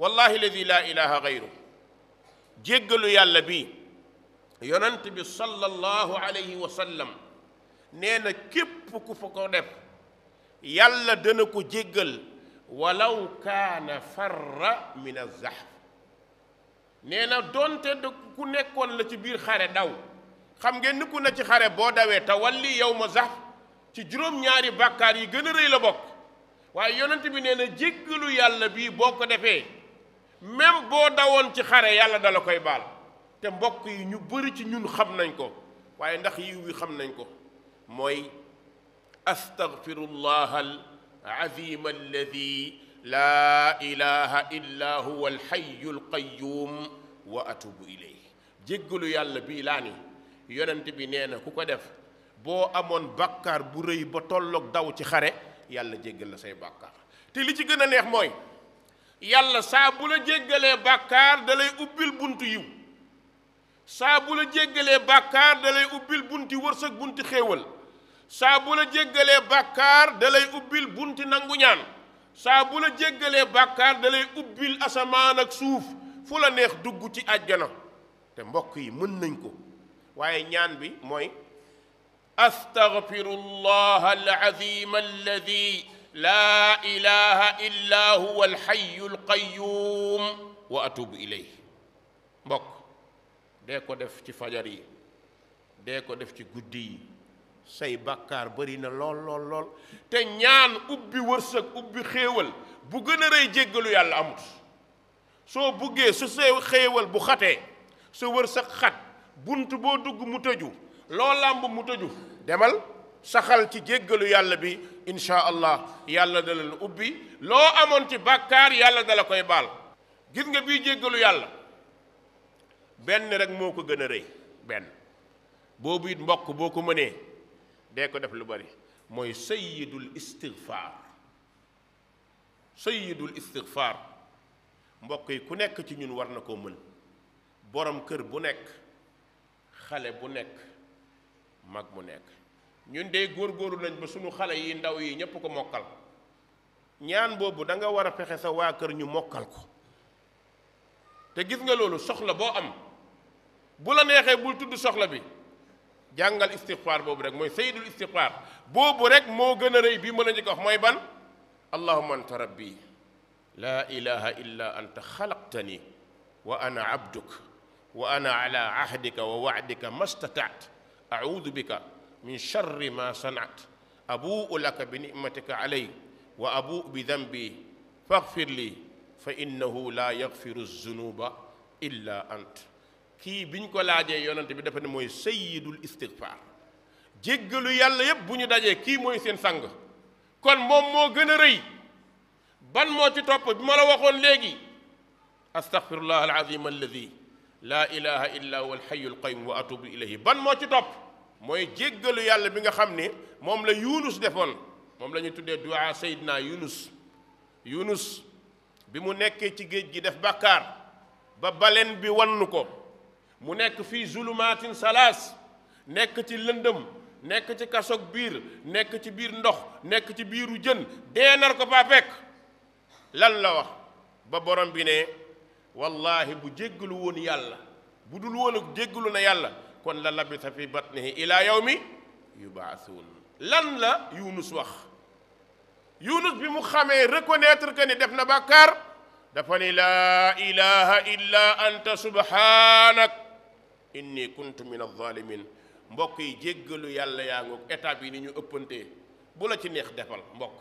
wallahi ladi laa ilaha gayru jéggalu yàlla bi yonent bi sallallahu alayhi wa sallam nee na képp ku fa ko def yàlla dana ko jéggal walaw kaana farra min azahf nee na doonte da ku nekkoon la ci biir xare daw xam ngeen ni ku ne ci xare boo dawee te walli yow ma zahf ci juróom-ñaari bàkkaar yi gën a rëy la bokk waaye yonent bi nee na jéggalu yàlla bii boo ko defee même boo dawoon ci xare yàlla dala koy baal te mbokk yi ñu bëri ci ñun xam nañ ko waaye ndax yiw wi xam nañ ko mooy astagfirullah al azim alladi laa ilaha illa huwa al xayu wa atubu ilay jéggalu yàlla bii laa ni yonent bi nee na ku ko def boo amoon bàkkaar bu rëy ba tolloog daw ci xare yàlla jéggal la say bàkkaar te li ci gën a neex mooy yàlla saa bu la jéggalee bàkkaar da lay ubbil buntu yiw saa bu la jéggalee bàkkaar da lay ubbil bunti wërsëg bunti xéewal saa bu la jéggalee bàkkaar da lay ubbil bunti nangu ñaan saa bu la jéggalee bàkkaar da ubbil asamaan ak suuf fu la neex dugg ci àjjana te mbokk yi mën nañ ko waaye ñaan bi mooy astaghfirullaha al azim alladi laa ilaha illa huwa alxayu alqayuum wa atubu ilay mbokk de ko def ci fajar yi de ko def ci guddi yi say bàkkaar bari na lool lool lool te ñaan ubbi wërsëg ubbi xéewal bu gën a rëy jéggalu yàlla amut soo buggee su say xéewal bu xatee sa wërsëg xat bunt boo dugg mu tëju loo làmb mu tëju demal saxal ci jéggalu yàlla bi insha allah yàlla dala la ubbi loo amoon ci bàkkaar yàlla dala koy baal gis nga bii jéggalu yàlla benn rek moo ko gën a rëy benn boobu it mbokk boo ko mënee dee ko def lu bari mooy sayyidul istighfar sayyidul istighfar mbokk yi ku nekk ci ñun war na koo mën borom kër bu nekk xale bu nekk mag mu nekk ñun de góoru nañ ba suñu xale yi ndaw yi ñépp ko mokkal ñaan boobu da nga war a fexe sa waa kër ñu mokkal ko te gis nga loolu soxla boo am bu la neexee bul tudd soxla bi jàngal istixfaar boobu rek mooy sayyidul istixfaar boobu rek moo gën a rëy bii mën a njëkk wax mooy ban allahumma anta rabbi laa ilaha illa anta xalaqtani wa ana abduk wa ana ala ahdika wa waadika mastataat audu bika min charri ma sanaat abuu laka bi nicmatika alay wa abuu bi dambi faxfir lii fa innahu laa yaxfiru zunuba illa ant kii bi ko laajee yonante bi dafa ne mooy sayidul istigfaar jéggalu yàlla yépp bu ñu dajee kii mooy seen sang kon moom moo gën a rëy ban moo ci topp bi ma la waxoon léegi astaxfirullah alazim alladi laa ilaha illa huwa alxayu alqayum wa atubu ilayhi ban moo ci topp mooy jéggalu yàlla bi nga xam ni moom la yunus defoon moom la ñu tuddee duwaa Seydina yunus yunus bi mu nekkee ci géej gi def bàkkaar ba baleen bi wannu ko mu nekk fii zulumaatin salaas nekk ci lëndëm nekk ci kasoog biir nekk ci biir ndox nekk ci biiru jën deenar ko ba fekk lan la wax ba borom bi ne wallaahi bu jéggalu woon yàlla bu dul woon jéggalu na yàlla kon la labisa fi batnihi ila yawmi yubaasuun lan la yunus wax yunus bi mu xamee reconnaître que ni def na bàkkaar dafa ni laa ilaha illa anta subhanak inni kuntu min alzalimin mbokk yi jéggalu yàlla yaa ngoog étape yi ni ñu ëppantee bu la ci neex defal mbokk